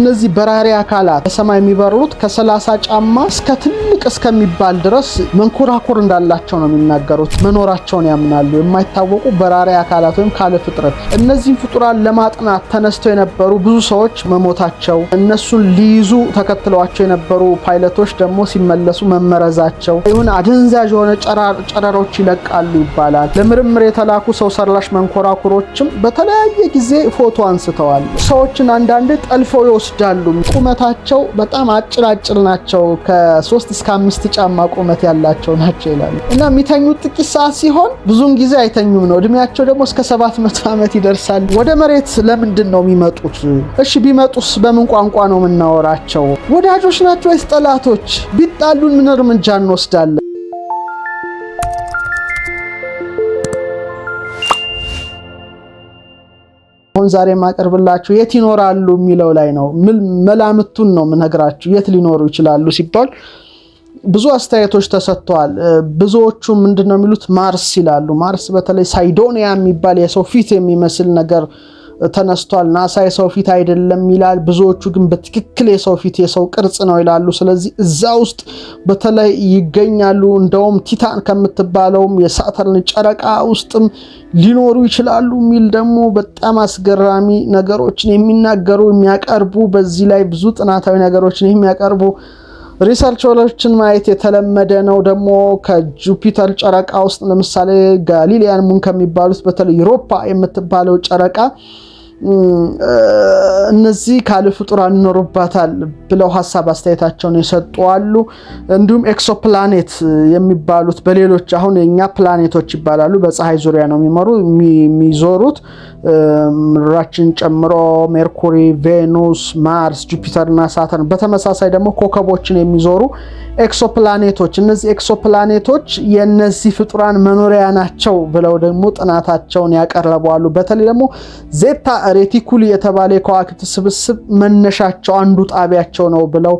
እነዚህ በራሪ አካላት በሰማይ የሚበሩት ከሰላሳ ጫማ እስከ ትልቅ እስከሚባል ድረስ መንኮራኩር እንዳላቸው ነው የሚናገሩት። መኖራቸውን ያምናሉ። የማይታወቁ በራሪ አካላት ወይም ካለ ፍጥረት እነዚህን ፍጡራን ለማጥናት ተነስተው የነበሩ ብዙ ሰዎች መሞታቸው፣ እነሱን ሊይዙ ተከትለዋቸው የነበሩ ፓይለቶች ደግሞ ሲመለሱ መመረዛቸው፣ ይሁን አደንዛዥ የሆነ ጨረሮች ይለቃሉ ይባላል። ለምርምር የተላኩ ሰው ሰራሽ መንኮራኩሮችም በተለያየ ጊዜ ፎቶ አንስተዋል። ሰዎችን አንዳንዴ ጠልፈው ይወስ ይወስዳሉ። ቁመታቸው በጣም አጭር አጭር ናቸው። ከሶስት እስከ አምስት ጫማ ቁመት ያላቸው ናቸው ይላሉ እና የሚተኙት ጥቂት ሰዓት ሲሆን ብዙን ጊዜ አይተኙም ነው። እድሜያቸው ደግሞ እስከ ሰባት መቶ ዓመት ይደርሳል። ወደ መሬት ለምንድን ነው የሚመጡት? እሺ ቢመጡስ በምን ቋንቋ ነው የምናወራቸው? ወዳጆች ናቸው ወይስ ጠላቶች? ቢጣሉን ምን እርምጃ እንወስዳለን? አሁን ዛሬ የማቀርብላችሁ የት ይኖራሉ የሚለው ላይ ነው። መላምቱን ነው የምነግራችሁ። የት ሊኖሩ ይችላሉ ሲባል ብዙ አስተያየቶች ተሰጥተዋል። ብዙዎቹ ምንድን ነው የሚሉት ማርስ ይላሉ። ማርስ በተለይ ሳይዶኒያ የሚባል የሰው ፊት የሚመስል ነገር ተነስቷል። ናሳ የሰው ፊት አይደለም ይላል። ብዙዎቹ ግን በትክክል የሰው ፊት የሰው ቅርጽ ነው ይላሉ። ስለዚህ እዛ ውስጥ በተለይ ይገኛሉ። እንደውም ቲታን ከምትባለውም የሳተርን ጨረቃ ውስጥም ሊኖሩ ይችላሉ የሚል ደግሞ በጣም አስገራሚ ነገሮችን የሚናገሩ የሚያቀርቡ፣ በዚህ ላይ ብዙ ጥናታዊ ነገሮችን የሚያቀርቡ ሪሰርቸሮችን ማየት የተለመደ ነው። ደግሞ ከጁፒተር ጨረቃ ውስጥ ለምሳሌ ጋሊሊያን ሙን ከሚባሉት በተለይ ዩሮፓ የምትባለው ጨረቃ እነዚህ ካለ ፍጡራን ይኖሩባታል ብለው ሀሳብ አስተያየታቸውን የሰጡ አሉ። እንዲሁም ኤክሶፕላኔት የሚባሉት በሌሎች አሁን የእኛ ፕላኔቶች ይባላሉ። በፀሐይ ዙሪያ ነው የሚመሩ የሚዞሩት ምድራችን ጨምሮ ሜርኩሪ፣ ቬኑስ፣ ማርስ፣ ጁፒተርና ሳተን በተመሳሳይ ደግሞ ኮከቦችን የሚዞሩ ኤክሶፕላኔቶች እነዚህ ኤክሶፕላኔቶች የእነዚህ ፍጡራን መኖሪያ ናቸው ብለው ደግሞ ጥናታቸውን ያቀረቡሉ በተለይ ደግሞ ዜታ ሬቲኩል የተባለ የከዋክብት ስብስብ መነሻቸው አንዱ ጣቢያቸው ነው ብለው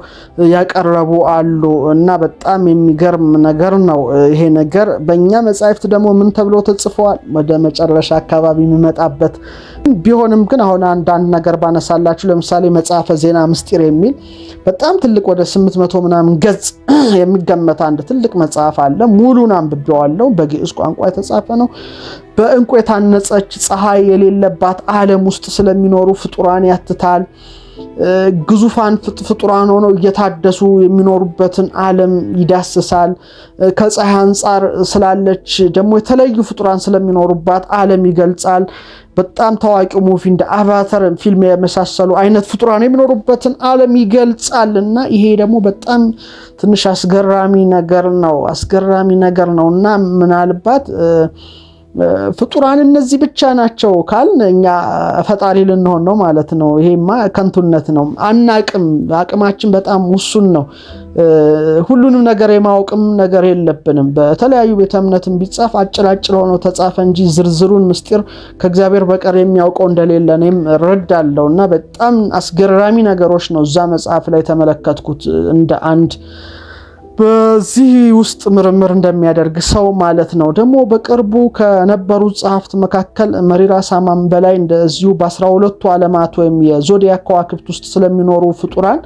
ያቀረቡ አሉ እና በጣም የሚገርም ነገር ነው ይሄ ነገር። በእኛ መጽሐፍት ደግሞ ምን ተብሎ ተጽፈዋል? ወደ መጨረሻ አካባቢ የሚመጣበት ቢሆንም ግን አሁን አንዳንድ ነገር ባነሳላችሁ ለምሳሌ መጽሐፈ ዜና ምስጢር የሚል በጣም ትልቅ ወደ 800 ምናምን ገጽ የሚገመት አንድ ትልቅ መጽሐፍ አለ። ሙሉን አንብቤዋለሁ። በግዕዝ ቋንቋ የተጻፈ ነው። በእንቁ የታነጸች ፀሐይ የሌለባት ዓለም ውስጥ ስለሚኖሩ ፍጡራን ያትታል። ግዙፋን ፍጡራን ሆነው እየታደሱ የሚኖሩበትን ዓለም ይዳስሳል። ከፀሐይ አንጻር ስላለች ደግሞ የተለዩ ፍጡራን ስለሚኖሩባት ዓለም ይገልጻል። በጣም ታዋቂው ሙቪ እንደ አቫተር ፊልም የመሳሰሉ አይነት ፍጡራን የሚኖሩበትን ዓለም ይገልጻል እና ይሄ ደግሞ በጣም ትንሽ አስገራሚ ነገር ነው። አስገራሚ ነገር ነው እና ምናልባት ፍጡራን እነዚህ ብቻ ናቸው ካልን እኛ ፈጣሪ ልንሆን ነው ማለት ነው። ይሄማ ከንቱነት ነው። አናቅም፣ አቅማችን በጣም ውሱን ነው። ሁሉንም ነገር የማወቅም ነገር የለብንም። በተለያዩ ቤተ እምነትም ቢጻፍ አጭላጭል ሆኖ ተጻፈ እንጂ ዝርዝሩን ምስጢር ከእግዚአብሔር በቀር የሚያውቀው እንደሌለ እኔም እረዳለሁ። እና በጣም አስገራሚ ነገሮች ነው እዛ መጽሐፍ ላይ ተመለከትኩት ። እንደ አንድ በዚህ ውስጥ ምርምር እንደሚያደርግ ሰው ማለት ነው። ደግሞ በቅርቡ ከነበሩ ጸሐፍት መካከል መሪራ ሳማም በላይ እንደዚሁ በአስራ ሁለቱ ዓለማት ወይም የዞዲያ ከዋክብት ውስጥ ስለሚኖሩ ፍጡራን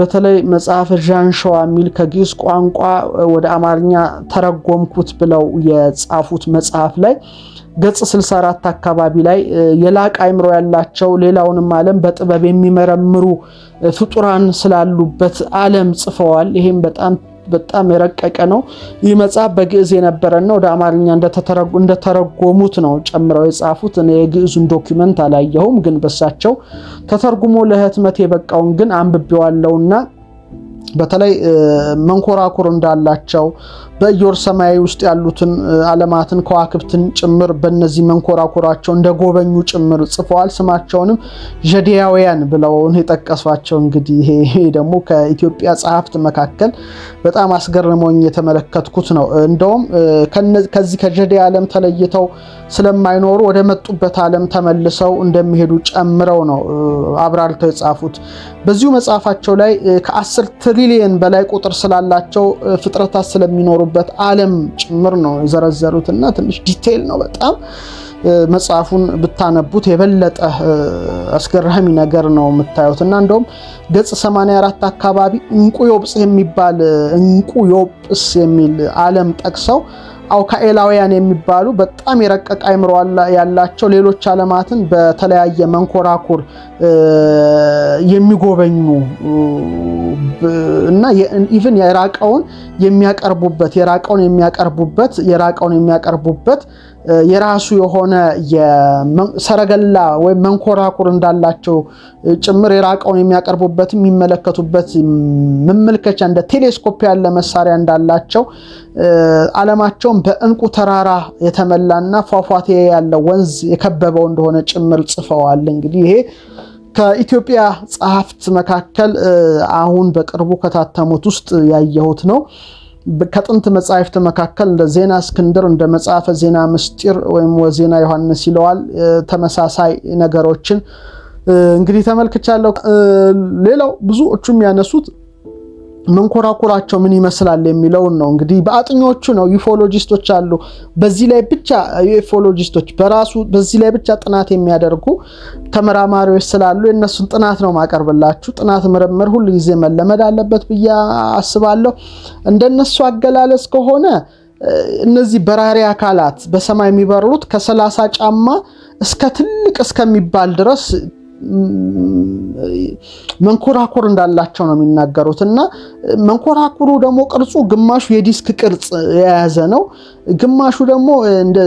በተለይ መጽሐፍ ዣንሸዋ የሚል ከግዕዝ ቋንቋ ወደ አማርኛ ተረጎምኩት ብለው የጻፉት መጽሐፍ ላይ ገጽ 64 አካባቢ ላይ የላቀ አይምሮ ያላቸው ሌላውንም ዓለም በጥበብ የሚመረምሩ ፍጡራን ስላሉበት ዓለም ጽፈዋል። ይህም በጣም በጣም የረቀቀ ነው። ይህ መጽሐፍ በግዕዝ የነበረና ወደ አማርኛ እንደተረጎሙት ነው ጨምረው የጻፉት። እኔ የግዕዙን ዶኪመንት አላየሁም፣ ግን በሳቸው ተተርጉሞ ለህትመት የበቃውን ግን አንብቤዋለሁና በተለይ መንኮራኩር እንዳላቸው በየወር ሰማይ ውስጥ ያሉትን አለማትን ከዋክብትን ጭምር በእነዚህ መንኮራኩራቸው እንደ ጎበኙ ጭምር ጽፈዋል። ስማቸውንም ዠዲያውያን ብለውን የጠቀሷቸው እንግዲህ ይሄ ደግሞ ከኢትዮጵያ ጸሐፍት መካከል በጣም አስገርሞኝ የተመለከትኩት ነው። እንደውም ከዚህ ከዠዲያ ዓለም ተለይተው ስለማይኖሩ ወደ መጡበት ዓለም ተመልሰው እንደሚሄዱ ጨምረው ነው አብራርተው የጻፉት። በዚሁ መጽሐፋቸው ላይ ከአስር ከትሪሊየን በላይ ቁጥር ስላላቸው ፍጥረታት ስለሚኖሩበት ዓለም ጭምር ነው የዘረዘሩት እና ትንሽ ዲቴይል ነው በጣም መጽሐፉን ብታነቡት የበለጠ አስገራሚ ነገር ነው የምታዩት እና እንደውም ገጽ 84 አካባቢ እንቁ ዮጵስ የሚባል እንቁ ዮጵስ የሚል ዓለም ጠቅሰው አውካኤላውያን የሚባሉ በጣም የረቀቀ አይምሮ ያላቸው ሌሎች ዓለማትን በተለያየ መንኮራኩር የሚጎበኙ እና ኢቨን የራቀውን የሚያቀርቡበት የራቀውን የሚያቀርቡበት የራቀውን የሚያቀርቡበት የራሱ የሆነ ሰረገላ ወይም መንኮራኩር እንዳላቸው ጭምር የራቀውን የሚያቀርቡበት የሚመለከቱበት መመልከቻ እንደ ቴሌስኮፕ ያለ መሳሪያ እንዳላቸው ዓለማቸውን በእንቁ ተራራ የተመላና ፏፏቴ ያለ ወንዝ የከበበው እንደሆነ ጭምር ጽፈዋል። እንግዲህ ይሄ ከኢትዮጵያ ጸሐፍት መካከል አሁን በቅርቡ ከታተሙት ውስጥ ያየሁት ነው። ከጥንት መጻሕፍት መካከል እንደ ዜና እስክንድር፣ እንደ መጽሐፈ ዜና ምስጢር ወይም ወዜና ዮሐንስ ይለዋል ተመሳሳይ ነገሮችን እንግዲህ ተመልክቻለሁ። ሌላው ብዙዎቹ የሚያነሱት መንኮራኮራቸው ምን ይመስላል የሚለውን ነው እንግዲህ በአጥኞቹ ነው ዩፎሎጂስቶች አሉ። በዚህ ላይ ብቻ ዩፎሎጂስቶች በራሱ በዚህ ላይ ብቻ ጥናት የሚያደርጉ ተመራማሪዎች ስላሉ የእነሱን ጥናት ነው ማቀርብላችሁ። ጥናት ምርምር ሁል ጊዜ መለመድ አለበት ብዬ አስባለሁ። እንደነሱ አገላለጽ ከሆነ እነዚህ በራሪ አካላት በሰማይ የሚበሩት ከሰላሳ ጫማ እስከ ትልቅ እስከሚባል ድረስ መንኮራኩር እንዳላቸው ነው የሚናገሩት። እና መንኮራኩሩ ደግሞ ቅርጹ ግማሹ የዲስክ ቅርጽ የያዘ ነው፣ ግማሹ ደግሞ እንደ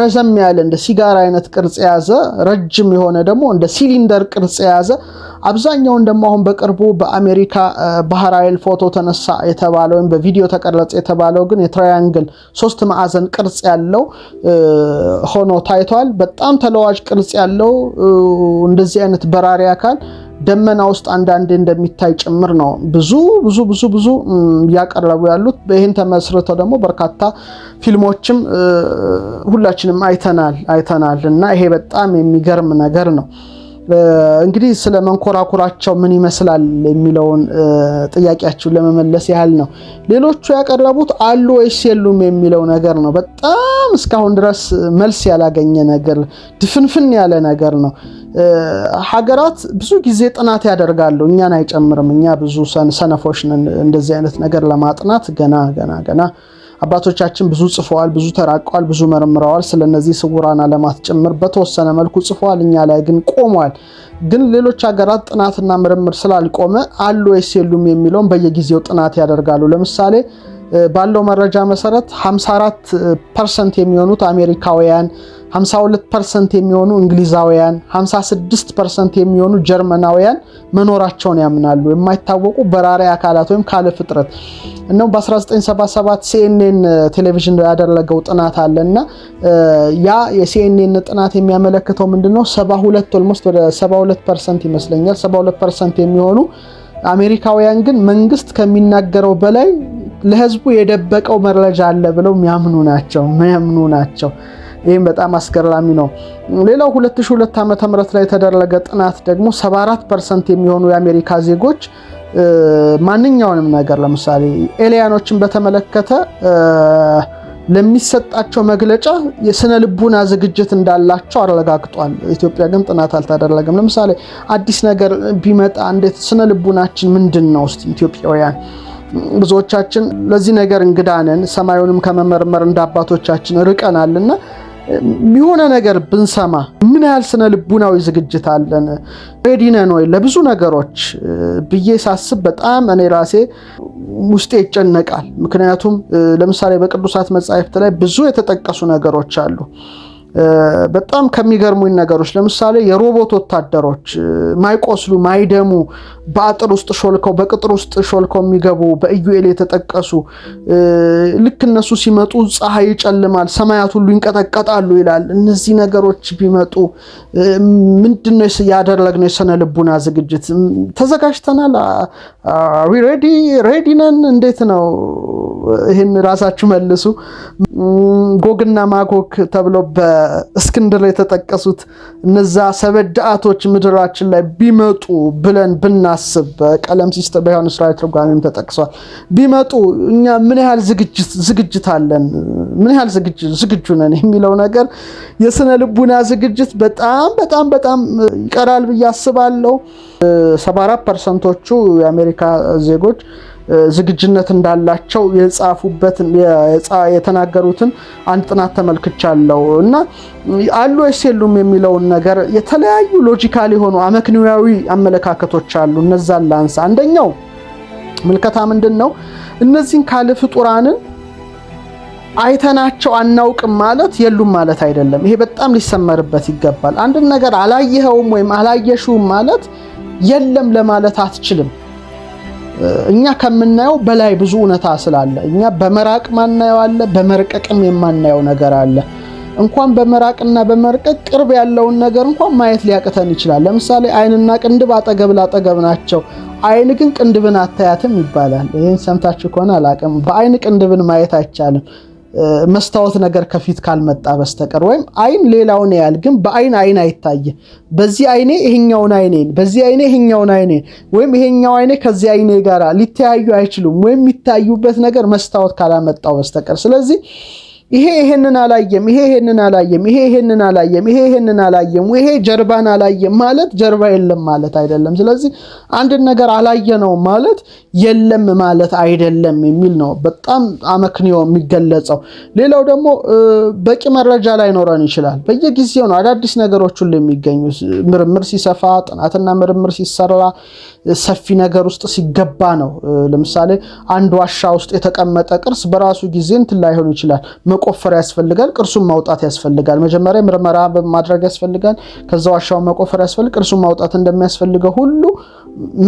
ረዘም ያለ እንደ ሲጋራ አይነት ቅርጽ የያዘ ረጅም የሆነ ደግሞ እንደ ሲሊንደር ቅርጽ የያዘ አብዛኛውን ደግሞ አሁን በቅርቡ በአሜሪካ ባህር ኃይል ፎቶ ተነሳ የተባለው ወይም በቪዲዮ ተቀረጸ የተባለው ግን የትራያንግል ሶስት ማዕዘን ቅርጽ ያለው ሆኖ ታይቷል። በጣም ተለዋጭ ቅርጽ ያለው እንደዚህ እንደዚህ አይነት በራሪ አካል ደመና ውስጥ አንዳንዴ እንደሚታይ ጭምር ነው ብዙ ብዙ ብዙ ብዙ እያቀረቡ ያሉት። ይህን ተመስርተው ደግሞ በርካታ ፊልሞችም ሁላችንም አይተናል አይተናል እና ይሄ በጣም የሚገርም ነገር ነው። እንግዲህ ስለ መንኮራኩራቸው ምን ይመስላል የሚለውን ጥያቄያችሁን ለመመለስ ያህል ነው። ሌሎቹ ያቀረቡት አሉ ወይስ የሉም የሚለው ነገር ነው። በጣም እስካሁን ድረስ መልስ ያላገኘ ነገር፣ ድፍንፍን ያለ ነገር ነው። ሀገራት ብዙ ጊዜ ጥናት ያደርጋሉ፣ እኛን አይጨምርም። እኛ ብዙ ሰነፎች ነን እንደዚህ አይነት ነገር ለማጥናት ገና ገና ገና አባቶቻችን ብዙ ጽፈዋል፣ ብዙ ተራቀዋል፣ ብዙ መርምረዋል። ስለነዚህ ስውራን ዓለማት ጭምር በተወሰነ መልኩ ጽፈዋል። እኛ ላይ ግን ቆሟል። ግን ሌሎች ሀገራት ጥናትና ምርምር ስላልቆመ አሉ ወይስ የሉም የሚለውን በየጊዜው ጥናት ያደርጋሉ። ለምሳሌ ባለው መረጃ መሰረት 54 ፐርሰንት የሚሆኑት አሜሪካውያን 52% የሚሆኑ እንግሊዛውያን፣ 56% የሚሆኑ ጀርመናውያን መኖራቸውን ያምናሉ። የማይታወቁ በራሪ አካላት ወይም ካለ ፍጥረት እነው በ1977 ሲኤንኤን ቴሌቪዥን ያደረገው ጥናት አለ እና ያ የሲኤንኤን ጥናት የሚያመለክተው ምንድነው 72 ኦልሞስት ወደ 72% ይመስለኛል 72% የሚሆኑ አሜሪካውያን ግን መንግስት ከሚናገረው በላይ ለህዝቡ የደበቀው መረጃ አለ ብለው የሚያምኑ ናቸው የሚያምኑ ናቸው። ይህም በጣም አስገራሚ ነው። ሌላው 2002 ዓመተ ላይ የተደረገ ጥናት ደግሞ 74 ፐርሰንት የሚሆኑ የአሜሪካ ዜጎች ማንኛውንም ነገር ለምሳሌ ኤሊያኖችን በተመለከተ ለሚሰጣቸው መግለጫ የስነ ልቡና ዝግጅት እንዳላቸው አረጋግጧል። ኢትዮጵያ ግን ጥናት አልተደረገም። ለምሳሌ አዲስ ነገር ቢመጣ እንዴት ስነ ልቡናችን ምንድን ነው? እስቲ ኢትዮጵያውያን ብዙዎቻችን ለዚህ ነገር እንግዳ ነን፣ ሰማዩንም ከመመርመር እንደ አባቶቻችን ርቀናልና የሆነ ነገር ብንሰማ ምን ያህል ስነ ልቡናዊ ዝግጅት አለን? ሬዲ ነን ወይ ለብዙ ነገሮች ብዬ ሳስብ በጣም እኔ ራሴ ውስጤ ይጨነቃል። ምክንያቱም ለምሳሌ በቅዱሳት መጻሕፍት ላይ ብዙ የተጠቀሱ ነገሮች አሉ። በጣም ከሚገርሙኝ ነገሮች ለምሳሌ የሮቦት ወታደሮች ማይቆስሉ ማይደሙ በአጥር ውስጥ ሾልከው በቅጥር ውስጥ ሾልከው የሚገቡ በኢዩኤል የተጠቀሱ ልክ እነሱ ሲመጡ ፀሐይ ይጨልማል፣ ሰማያት ሁሉ ይንቀጠቀጣሉ ይላል። እነዚህ ነገሮች ቢመጡ ምንድነው ነው ያደረግነው? የሰነ ልቡና ዝግጅት ተዘጋጅተናል? ሬዲ ሬዲ ነን? እንዴት ነው? ይህን ራሳችሁ መልሱ። ጎግና ማጎግ ተብሎ እስክንድር የተጠቀሱት እነዛ ሰበዳአቶች ምድራችን ላይ ቢመጡ ብለን ብናስብ ቀለምሲስ በዮሐንስ ራዕይ ትርጓሜም ተጠቅሷል። ቢመጡ እኛ ምን ያህል ዝግጅት አለን፣ ምን ያህል ዝግጁ ነን የሚለው ነገር የስነ ልቡና ዝግጅት በጣም በጣም በጣም ይቀራል ብዬ አስባለሁ። 74 ፐርሰንቶቹ የአሜሪካ ዜጎች ዝግጅነት እንዳላቸው የጻፉበትን የተናገሩትን አንድ ጥናት ተመልክቻለሁ እና አሉ ወይስ የሉም የሚለውን ነገር የተለያዩ ሎጂካል የሆኑ አመክንያዊ አመለካከቶች አሉ። እነዛን ላንስ። አንደኛው ምልከታ ምንድን ነው? እነዚህን ካለ ፍጡራንን አይተናቸው አናውቅም ማለት የሉም ማለት አይደለም። ይሄ በጣም ሊሰመርበት ይገባል። አንድን ነገር አላየኸውም ወይም አላየሽውም ማለት የለም ለማለት አትችልም። እኛ ከምናየው በላይ ብዙ እውነታ ስላለ እኛ በመራቅ ማናየው አለ፣ በመርቀቅም የማናየው ነገር አለ። እንኳን በመራቅና በመርቀቅ ቅርብ ያለውን ነገር እንኳን ማየት ሊያቅተን ይችላል። ለምሳሌ አይንና ቅንድብ አጠገብ ላጠገብ ናቸው፣ አይን ግን ቅንድብን አታያትም ይባላል። ይህን ሰምታችሁ ከሆነ አላቅም። በአይን ቅንድብን ማየት አይቻልም። መስታወት ነገር ከፊት ካልመጣ በስተቀር ወይም አይን ሌላውን ያህል ግን በአይን አይን አይታይ። በዚህ አይኔ ይሄኛውን አይኔን በዚህ አይኔ ይሄኛውን አይኔን ወይም ይሄኛው አይኔ ከዚህ አይኔ ጋራ ሊተያዩ አይችሉም ወይም የሚታዩበት ነገር መስታወት ካላመጣው በስተቀር ስለዚህ ይሄ ይሄንን አላየም፣ ይሄ ይሄንን አላየም፣ ይሄ ይሄንን አላየም፣ ይሄ ይሄንን አላየም፣ ይሄ ጀርባን አላየም ማለት ጀርባ የለም ማለት አይደለም። ስለዚህ አንድን ነገር አላየነው ማለት የለም ማለት አይደለም የሚል ነው። በጣም አመክንዮ የሚገለጸው። ሌላው ደግሞ በቂ መረጃ ላይኖረን ይችላል። በየጊዜው ነው አዳዲስ ነገሮች ሁሉ የሚገኙ። ምርምር ሲሰፋ፣ ጥናትና ምርምር ሲሰራ፣ ሰፊ ነገር ውስጥ ሲገባ ነው። ለምሳሌ አንድ ዋሻ ውስጥ የተቀመጠ ቅርስ በራሱ ጊዜ እንትን ላይሆን ይችላል መቆፈር ያስፈልጋል። ቅርሱን ማውጣት ያስፈልጋል። መጀመሪያ ምርመራ ማድረግ ያስፈልጋል። ከዛ ዋሻውን መቆፈር ያስፈልግ ቅርሱን ማውጣት እንደሚያስፈልገው ሁሉ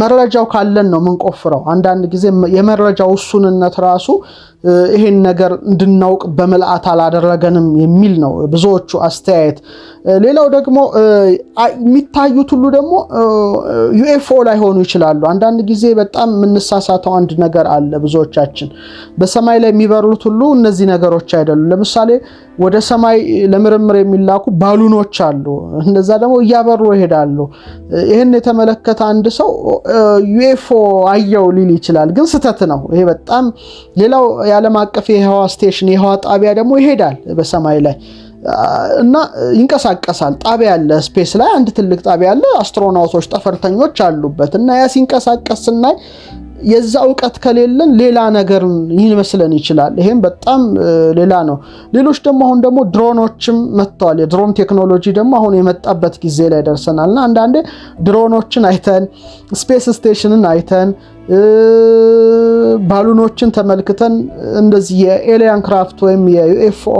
መረጃው ካለን ነው ምንቆፍረው። አንዳንድ ጊዜ የመረጃው ውሱንነት ራሱ ይሄን ነገር እንድናውቅ በምልአት አላደረገንም የሚል ነው ብዙዎቹ አስተያየት። ሌላው ደግሞ የሚታዩት ሁሉ ደግሞ ዩኤፍኦ ላይሆኑ ይችላሉ። አንዳንድ ጊዜ በጣም የምንሳሳተው አንድ ነገር አለ። ብዙዎቻችን በሰማይ ላይ የሚበሩት ሁሉ እነዚህ ነገሮች አይደሉም። ለምሳሌ ወደ ሰማይ ለምርምር የሚላኩ ባሉኖች አሉ። እነዛ ደግሞ እያበሩ ይሄዳሉ። ይህን የተመለከተ አንድ ሰው ዩኤፍኦ አየው ሊል ይችላል፣ ግን ስህተት ነው። ይሄ በጣም ሌላው የዓለም አቀፍ የህዋ ስቴሽን የህዋ ጣቢያ ደግሞ ይሄዳል በሰማይ ላይ እና ይንቀሳቀሳል። ጣቢያ አለ፣ ስፔስ ላይ አንድ ትልቅ ጣቢያ አለ። አስትሮናውቶች ጠፈርተኞች አሉበት እና ያ ሲንቀሳቀስ ስናይ የዛ እውቀት ከሌለን ሌላ ነገር ይመስለን ይችላል። ይሄም በጣም ሌላ ነው። ሌሎች ደግሞ አሁን ደግሞ ድሮኖችም መጥተዋል። የድሮን ቴክኖሎጂ ደግሞ አሁን የመጣበት ጊዜ ላይ ደርሰናል እና አንዳንዴ ድሮኖችን አይተን ስፔስ ስቴሽንን አይተን ባሉኖችን ተመልክተን እንደዚህ የኤሊያን ክራፍት ወይም የዩኤፍኦ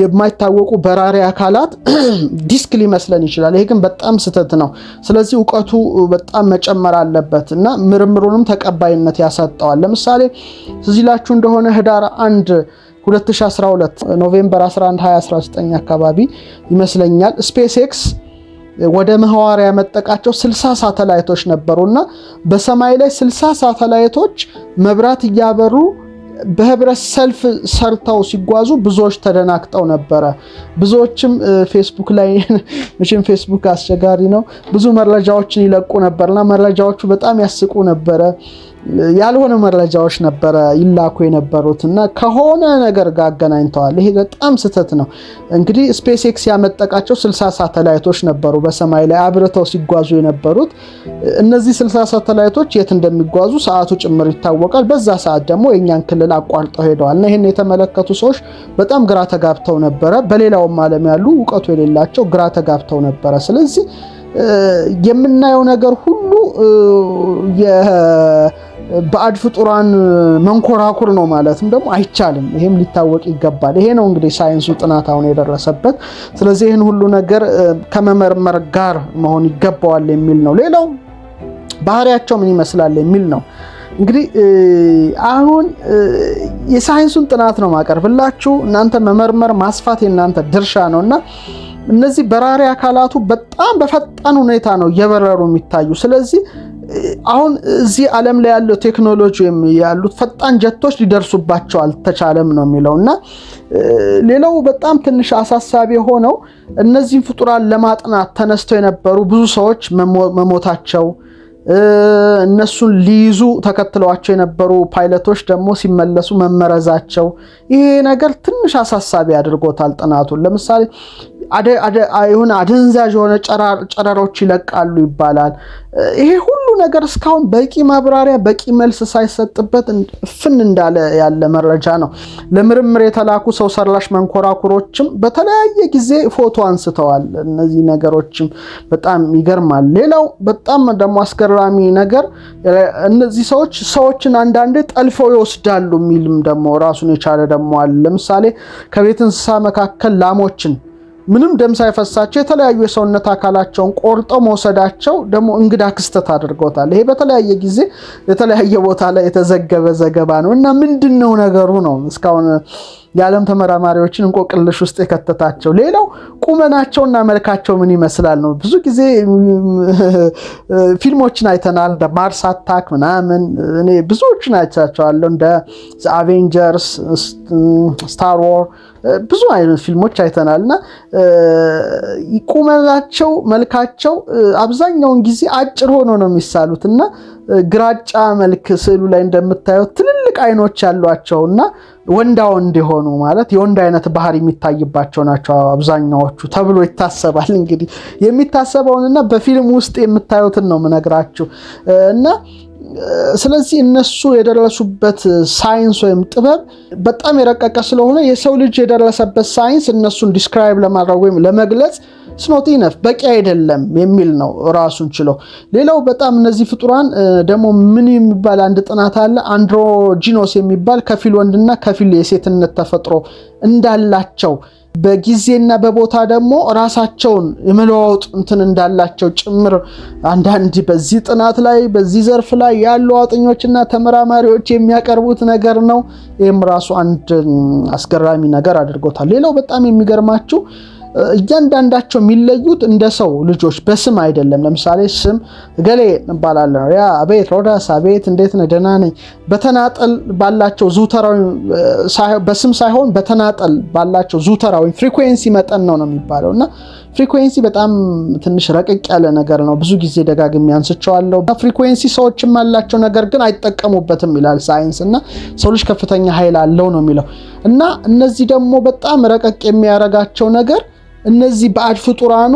የማይታወቁ በራሪ አካላት ዲስክ ሊመስለን ይችላል። ይሄ ግን በጣም ስህተት ነው። ስለዚህ እውቀቱ በጣም መጨመር አለበት እና ምርምሩንም ተቀባይነት ያሳጠዋል። ለምሳሌ ስዚላችሁ እንደሆነ ህዳር አንድ 2012 ኖቬምበር 11 2019 አካባቢ ይመስለኛል ስፔስ ኤክስ ወደ ምህዋር ያመጠቃቸው 60 ሳተላይቶች ነበሩና በሰማይ ላይ 60 ሳተላይቶች መብራት እያበሩ በህብረት ሰልፍ ሰርተው ሲጓዙ ብዙዎች ተደናግጠው ነበረ። ብዙዎችም ፌስቡክ ላይ መቼም ፌስቡክ አስቸጋሪ ነው፣ ብዙ መረጃዎችን ይለቁ ነበርና መረጃዎቹ በጣም ያስቁ ነበረ። ያልሆነ መረጃዎች ነበረ ይላኩ የነበሩት እና ከሆነ ነገር ጋር አገናኝተዋል። ይሄ በጣም ስህተት ነው። እንግዲህ ስፔስ ኤክስ ያመጠቃቸው ስልሳ ሳተላይቶች ነበሩ በሰማይ ላይ አብርተው ሲጓዙ የነበሩት። እነዚህ ስልሳ ሳተላይቶች የት እንደሚጓዙ ሰዓቱ ጭምር ይታወቃል። በዛ ሰዓት ደግሞ የእኛን ክልል አቋርጠው ሄደዋል እና ይህን የተመለከቱ ሰዎች በጣም ግራ ተጋብተው ነበረ። በሌላውም ዓለም ያሉ እውቀቱ የሌላቸው ግራ ተጋብተው ነበረ። ስለዚህ የምናየው ነገር ሁሉ ባዕድ ፍጡራን መንኮራኩር ነው ማለትም ደግሞ አይቻልም። ይሄም ሊታወቅ ይገባል። ይሄ ነው እንግዲህ ሳይንሱ ጥናት አሁን የደረሰበት። ስለዚህ ይህን ሁሉ ነገር ከመመርመር ጋር መሆን ይገባዋል የሚል ነው። ሌላው ባህሪያቸው ምን ይመስላል የሚል ነው። እንግዲህ አሁን የሳይንሱን ጥናት ነው ማቀርብላችሁ። እናንተ መመርመር ማስፋት የእናንተ ድርሻ ነው እና እነዚህ በራሪ አካላቱ በጣም በፈጣን ሁኔታ ነው እየበረሩ የሚታዩ። ስለዚህ አሁን እዚህ ዓለም ላይ ያለው ቴክኖሎጂ ያሉት ፈጣን ጀቶች ሊደርሱባቸው አልተቻለም ነው የሚለው እና ሌላው በጣም ትንሽ አሳሳቢ የሆነው እነዚህን ፍጡራን ለማጥናት ተነስተው የነበሩ ብዙ ሰዎች መሞታቸው እነሱን ሊይዙ ተከትለዋቸው የነበሩ ፓይለቶች ደግሞ ሲመለሱ መመረዛቸው፣ ይሄ ነገር ትንሽ አሳሳቢ አድርጎታል ጥናቱን። ለምሳሌ የሆነ አደንዛዥ የሆነ ጨረሮች ይለቃሉ ይባላል። ይሄ ሁሉ ነገር እስካሁን በቂ ማብራሪያ በቂ መልስ ሳይሰጥበት እፍን እንዳለ ያለ መረጃ ነው። ለምርምር የተላኩ ሰው ሰራሽ መንኮራኩሮችም በተለያየ ጊዜ ፎቶ አንስተዋል። እነዚህ ነገሮችም በጣም ይገርማል። ሌላው በጣም ደግሞ አስገራሚ ነገር እነዚህ ሰዎች ሰዎችን አንዳንዴ ጠልፈው ይወስዳሉ የሚልም ደግሞ ራሱን የቻለ ደግሞ አለ። ለምሳሌ ከቤት እንስሳ መካከል ላሞችን ምንም ደም ሳይፈሳቸው የተለያዩ የሰውነት አካላቸውን ቆርጠው መውሰዳቸው ደግሞ እንግዳ ክስተት አድርገውታል። ይሄ በተለያየ ጊዜ የተለያየ ቦታ ላይ የተዘገበ ዘገባ ነው እና ምንድን ነው ነገሩ ነው እስካሁን የዓለም ተመራማሪዎችን እንቆቅልሽ ውስጥ የከተታቸው። ሌላው ቁመናቸውና መልካቸው ምን ይመስላል ነው። ብዙ ጊዜ ፊልሞችን አይተናል፣ እንደ ማርስ አታክ ምናምን። እኔ ብዙዎቹን አይቻቸዋለሁ፣ እንደ አቬንጀርስ፣ ስታር ዎር ብዙ አይነት ፊልሞች አይተናል እና ቁመናቸው፣ መልካቸው አብዛኛውን ጊዜ አጭር ሆኖ ነው የሚሳሉት እና ግራጫ መልክ ስዕሉ ላይ እንደምታየው ትልልቅ አይኖች ያሏቸው እና ወንዳ ወንድ የሆኑ ማለት የወንድ አይነት ባህሪ የሚታይባቸው ናቸው አብዛኛዎቹ ተብሎ ይታሰባል። እንግዲህ የሚታሰበውንና በፊልም ውስጥ የምታዩትን ነው ምነግራችሁ እና ስለዚህ እነሱ የደረሱበት ሳይንስ ወይም ጥበብ በጣም የረቀቀ ስለሆነ የሰው ልጅ የደረሰበት ሳይንስ እነሱን ዲስክራይብ ለማድረግ ወይም ለመግለጽ ስኖት ይነፍ በቂ አይደለም የሚል ነው ራሱን ችሎ። ሌላው በጣም እነዚህ ፍጡራን ደግሞ ምን የሚባል አንድ ጥናት አለ አንድሮጂኖስ የሚባል ከፊል ወንድና ከፊል የሴትነት ተፈጥሮ እንዳላቸው በጊዜና በቦታ ደግሞ ራሳቸውን የመለዋወጥ እንትን እንዳላቸው ጭምር አንዳንድ በዚህ ጥናት ላይ በዚህ ዘርፍ ላይ ያሉ አጥኞችና ተመራማሪዎች የሚያቀርቡት ነገር ነው። ይህም ራሱ አንድ አስገራሚ ነገር አድርጎታል። ሌላው በጣም የሚገርማችሁ እያንዳንዳቸው የሚለዩት እንደ ሰው ልጆች በስም አይደለም። ለምሳሌ ስም እገሌ እንባላለን። ያ አቤት ሮዳስ፣ አቤት እንዴት ነህ? ደህና ነኝ። በተናጠል ባላቸው ዙተራዊ በስም ሳይሆን በተናጠል ባላቸው ዙተራዊ ፍሪኩዌንሲ መጠን ነው ነው የሚባለው እና ፍሪኩዌንሲ በጣም ትንሽ ረቅቅ ያለ ነገር ነው። ብዙ ጊዜ ደጋግሜ አንስቸዋለሁ። ፍሪኩዌንሲ ሰዎችም አላቸው፣ ነገር ግን አይጠቀሙበትም ይላል ሳይንስ እና ሰው ልጅ ከፍተኛ ኃይል አለው ነው የሚለው እና እነዚህ ደግሞ በጣም ረቀቅ የሚያረጋቸው ነገር እነዚህ ባዕድ ፍጡራኑ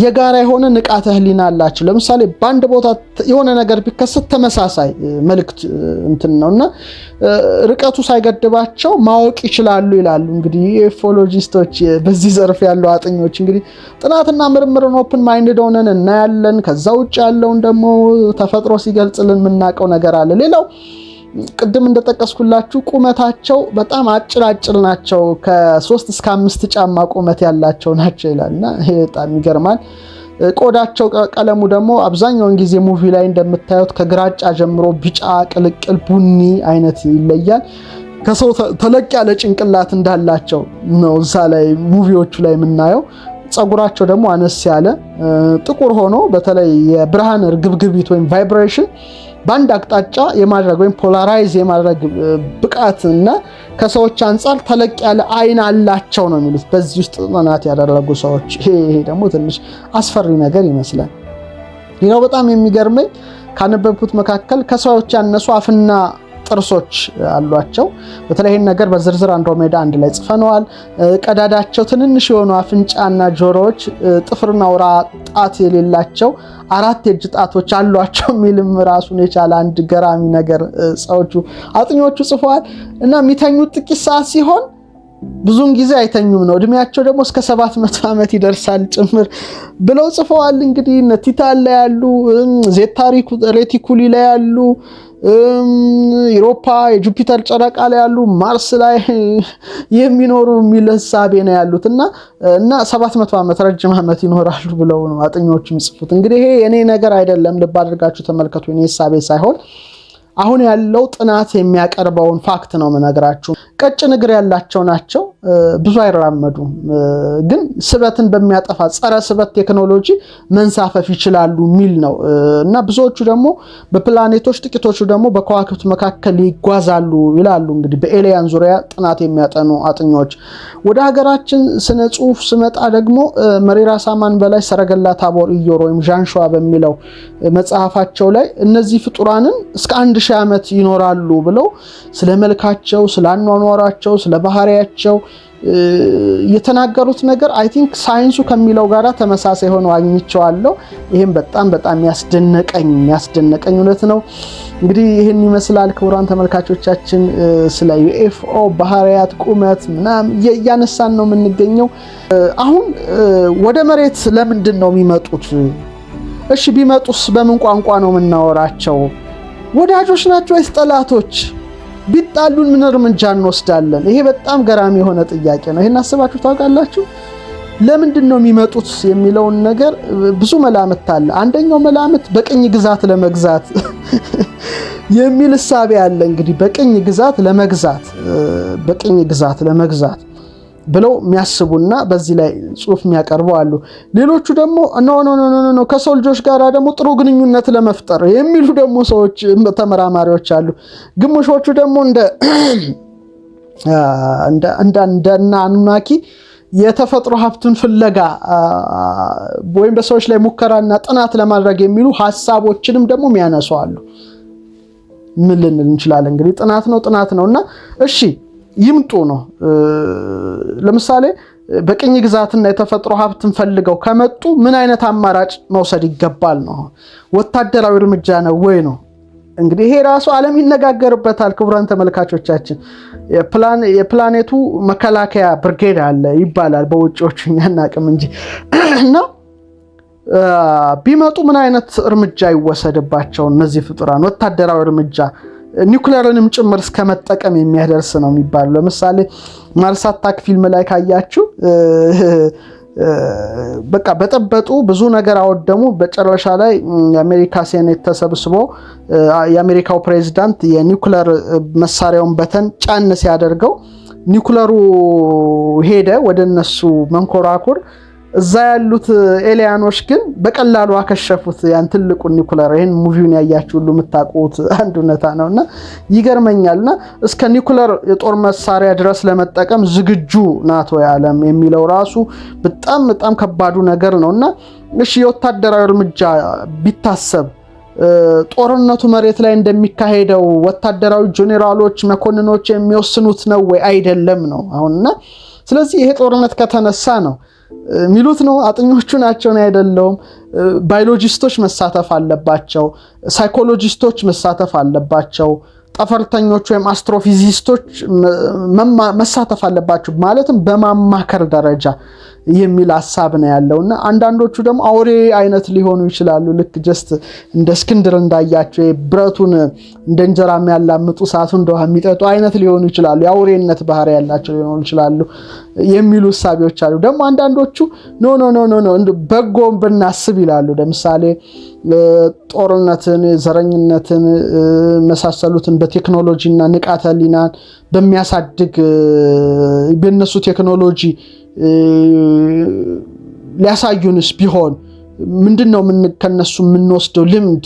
የጋራ የሆነ ንቃተ ህሊና አላቸው። ለምሳሌ በአንድ ቦታ የሆነ ነገር ቢከሰት ተመሳሳይ መልእክት እንትን ነው እና ርቀቱ ሳይገድባቸው ማወቅ ይችላሉ ይላሉ። እንግዲህ ዩፎሎጂስቶች፣ በዚህ ዘርፍ ያሉ አጥኞች እንግዲህ ጥናትና ምርምርን ኦፕን ማይንድ ሆነን እናያለን። ከዛ ውጭ ያለውን ደግሞ ተፈጥሮ ሲገልጽልን የምናውቀው ነገር አለ። ሌላው ቅድም እንደጠቀስኩላችሁ ቁመታቸው በጣም አጭር አጭር ናቸው። ከሶስት እስከ አምስት ጫማ ቁመት ያላቸው ናቸው ይላል እና ይሄ በጣም ይገርማል። ቆዳቸው ቀለሙ ደግሞ አብዛኛውን ጊዜ ሙቪ ላይ እንደምታዩት ከግራጫ ጀምሮ ቢጫ ቅልቅል ቡኒ አይነት ይለያል። ከሰው ተለቅ ያለ ጭንቅላት እንዳላቸው ነው እዛ ላይ ሙቪዎቹ ላይ የምናየው። ፀጉራቸው ደግሞ አነስ ያለ ጥቁር ሆኖ በተለይ የብርሃን እርግብግቢት ወይም ቫይብሬሽን በአንድ አቅጣጫ የማድረግ ወይም ፖላራይዝ የማድረግ ብቃት እና ከሰዎች አንጻር ተለቅ ያለ አይን አላቸው ነው የሚሉት በዚህ ውስጥ ጥናት ያደረጉ ሰዎች። ይሄ ደግሞ ትንሽ አስፈሪ ነገር ይመስላል። ሌላው በጣም የሚገርመኝ ካነበብኩት መካከል ከሰዎች ያነሱ አፍና ጥርሶች አሏቸው። በተለይ ይህን ነገር በዝርዝር አንድሮሜዳ አንድ ላይ ጽፈነዋል። ቀዳዳቸው ትንንሽ የሆኑ አፍንጫና ጆሮዎች፣ ጥፍርና አውራ ጣት የሌላቸው አራት የእጅ ጣቶች አሏቸው የሚልም ራሱን የቻለ አንድ ገራሚ ነገር ሰዎቹ አጥኚዎቹ ጽፈዋል እና የሚተኙት ጥቂት ሰዓት ሲሆን ብዙን ጊዜ አይተኙም ነው። እድሜያቸው ደግሞ እስከ ሰባት መቶ ዓመት ይደርሳል ጭምር ብለው ጽፈዋል። እንግዲህ ቲታን ላይ ያሉ ዜታ ሬቲኩሊ ላይ ያሉ ኢሮፓ የጁፒተር ጨረቃ ላይ ያሉ ማርስ ላይ የሚኖሩ የሚል ህሳቤ ነው ያሉት እና እና 700 ዓመት ረጅም ዓመት ይኖራሉ ብለው ነው አጥኞች የሚጽፉት። እንግዲህ ይሄ የኔ ነገር አይደለም፣ ልብ አድርጋችሁ ተመልከቱ። የኔ ህሳቤ ሳይሆን አሁን ያለው ጥናት የሚያቀርበውን ፋክት ነው የምነግራችሁ። ቀጭን እግር ያላቸው ናቸው፣ ብዙ አይራመዱም። ግን ስበትን በሚያጠፋ ጸረ ስበት ቴክኖሎጂ መንሳፈፍ ይችላሉ የሚል ነው እና ብዙዎቹ ደግሞ በፕላኔቶች ጥቂቶቹ ደግሞ በከዋክብት መካከል ይጓዛሉ ይላሉ። እንግዲህ በኤሊያን ዙሪያ ጥናት የሚያጠኑ አጥኞች። ወደ ሀገራችን ስነ ጽሁፍ ስመጣ ደግሞ መሪራ ሳማን በላይ ሰረገላ ታቦር እዮር ወይም ዣንሸዋ በሚለው መጽሐፋቸው ላይ እነዚህ ፍጡራንን እስከ አንድ ሺህ ዓመት ይኖራሉ ብለው ስለ መልካቸው ስለ አኗኗ አኗኗራቸው፣ ስለ ባህሪያቸው የተናገሩት ነገር አይ ቲንክ ሳይንሱ ከሚለው ጋር ተመሳሳይ ሆኖ አግኝቼዋለሁ። ይህም በጣም በጣም ያስደነቀኝ ያስደነቀኝ እውነት ነው። እንግዲህ ይህን ይመስላል ክቡራን ተመልካቾቻችን፣ ስለ ዩኤፍኦ ባህሪያት፣ ቁመት ምናምን እያነሳን ነው የምንገኘው። አሁን ወደ መሬት ለምንድን ነው የሚመጡት? እሺ ቢመጡስ በምን ቋንቋ ነው የምናወራቸው? ወዳጆች ናቸው ወይስ ጠላቶች? ቢጣሉን ምን እርምጃ እንወስዳለን? ይሄ በጣም ገራሚ የሆነ ጥያቄ ነው። ይሄን አስባችሁ ታውቃላችሁ? ለምንድን ነው የሚመጡት የሚለውን ነገር ብዙ መላምት አለ። አንደኛው መላምት በቅኝ ግዛት ለመግዛት የሚል እሳቤ አለ። እንግዲህ በቅኝ ግዛት ለመግዛት በቅኝ ግዛት ለመግዛት ብለው የሚያስቡና በዚህ ላይ ጽሁፍ የሚያቀርቡ አሉ። ሌሎቹ ደግሞ ኖ ኖ ኖ ከሰው ልጆች ጋር ደግሞ ጥሩ ግንኙነት ለመፍጠር የሚሉ ደግሞ ሰዎች ተመራማሪዎች አሉ። ግምሾቹ ደግሞ እንደና አኑናኪ የተፈጥሮ ሀብትን ፍለጋ ወይም በሰዎች ላይ ሙከራና ጥናት ለማድረግ የሚሉ ሀሳቦችንም ደግሞ የሚያነሱ አሉ። ምን ልንል እንችላለን? እንግዲህ ጥናት ነው ጥናት ነው እና እሺ ይምጡ ነው። ለምሳሌ በቅኝ ግዛትና የተፈጥሮ ሀብትን ፈልገው ከመጡ ምን አይነት አማራጭ መውሰድ ይገባል ነው። ወታደራዊ እርምጃ ነው ወይ ነው። እንግዲህ ይሄ ራሱ ዓለም ይነጋገርበታል። ክቡራን ተመልካቾቻችን የፕላኔቱ መከላከያ ብርጌድ አለ ይባላል በውጭዎቹ፣ እኛ አናቅም እንጂ እና ቢመጡ ምን አይነት እርምጃ ይወሰድባቸው እነዚህ ፍጡራን ወታደራዊ እርምጃ ኒውክሌርንም ጭምር እስከ መጠቀም የሚያደርስ ነው የሚባለው። ለምሳሌ ማርስ አታክ ፊልም ላይ ካያችሁ በቃ በጠበጡ ብዙ ነገር አወደሙ። በጨረሻ ላይ የአሜሪካ ሴኔት ተሰብስቦ የአሜሪካው ፕሬዚዳንት የኒውክለር መሳሪያውን በተን ጫን ሲያደርገው ኒውክለሩ ሄደ ወደ እነሱ መንኮራኩር እዛ ያሉት ኤሊያኖች ግን በቀላሉ አከሸፉት ያን ትልቁን ኒኩለር። ይህን ሙቪውን ያያችሁ ሁሉ የምታውቁት አንድ እውነታ ነው እና ይገርመኛል። እና እስከ ኒኩለር የጦር መሳሪያ ድረስ ለመጠቀም ዝግጁ ናቶ የዓለም የሚለው ራሱ በጣም በጣም ከባዱ ነገር ነው እና እሺ የወታደራዊ እርምጃ ቢታሰብ ጦርነቱ መሬት ላይ እንደሚካሄደው ወታደራዊ ጄኔራሎች፣ መኮንኖች የሚወስኑት ነው ወይ አይደለም ነው አሁንና ስለዚህ ይሄ ጦርነት ከተነሳ ነው የሚሉት ነው። አጥኞቹ ናቸውን አይደለውም። ባዮሎጂስቶች መሳተፍ አለባቸው። ሳይኮሎጂስቶች መሳተፍ አለባቸው። ጠፈርተኞች ወይም አስትሮፊዚስቶች መሳተፍ አለባቸው። ማለትም በማማከር ደረጃ የሚል ሀሳብ ነው ያለው እና አንዳንዶቹ ደግሞ አውሬ አይነት ሊሆኑ ይችላሉ። ልክ ጀስት እንደ እስክንድር እንዳያቸው ብረቱን እንደ እንጀራ የሚያላምጡ ሰዓቱን እንደ ውሃ የሚጠጡ አይነት ሊሆኑ ይችላሉ። የአውሬነት ባህሪ ያላቸው ሊሆኑ ይችላሉ የሚሉ እሳቤዎች አሉ። ደግሞ አንዳንዶቹ ኖ ኖ ኖ ኖ በጎን ብናስብ ይላሉ። ለምሳሌ ጦርነትን፣ ዘረኝነትን መሳሰሉትን በቴክኖሎጂና ንቃተ ህሊናን በሚያሳድግ በነሱ ቴክኖሎጂ ሊያሳዩንስ ቢሆን ምንድን ነው ምን ከነሱ የምንወስደው ልምድ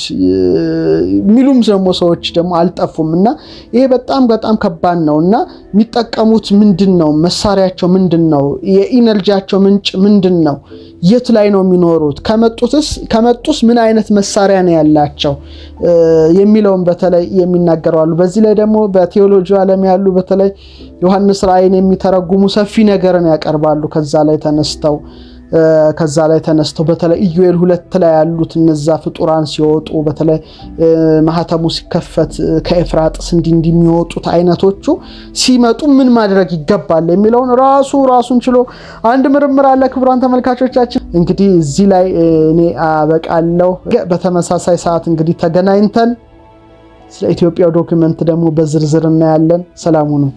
የሚሉም ደግሞ ሰዎች ደግሞ አልጠፉም እና ይሄ በጣም በጣም ከባድ ነው እና የሚጠቀሙት ምንድን ነው መሳሪያቸው ምንድን ነው የኢነርጂያቸው ምንጭ ምንድን ነው የት ላይ ነው የሚኖሩት ከመጡስ ምን አይነት መሳሪያ ነው ያላቸው የሚለውን በተለይ የሚናገሩ አሉ በዚህ ላይ ደግሞ በቴዎሎጂ ዓለም ያሉ በተለይ ዮሐንስ ራእይን የሚተረጉሙ ሰፊ ነገርን ያቀርባሉ ከዛ ላይ ተነስተው ከዛ ላይ ተነስተው በተለይ ኢዩኤል ሁለት ላይ ያሉት እነዛ ፍጡራን ሲወጡ በተለይ ማህተሙ ሲከፈት ከኤፍራጥስ እንዲ እንደሚወጡት አይነቶቹ ሲመጡ ምን ማድረግ ይገባል የሚለውን ራሱ ራሱን ችሎ አንድ ምርምር አለ። ክቡራን ተመልካቾቻችን እንግዲህ እዚህ ላይ እኔ አበቃለሁ። በተመሳሳይ ሰዓት እንግዲህ ተገናኝተን ስለ ኢትዮጵያው ዶክመንት ደግሞ በዝርዝር እናያለን። ሰላሙ ነው።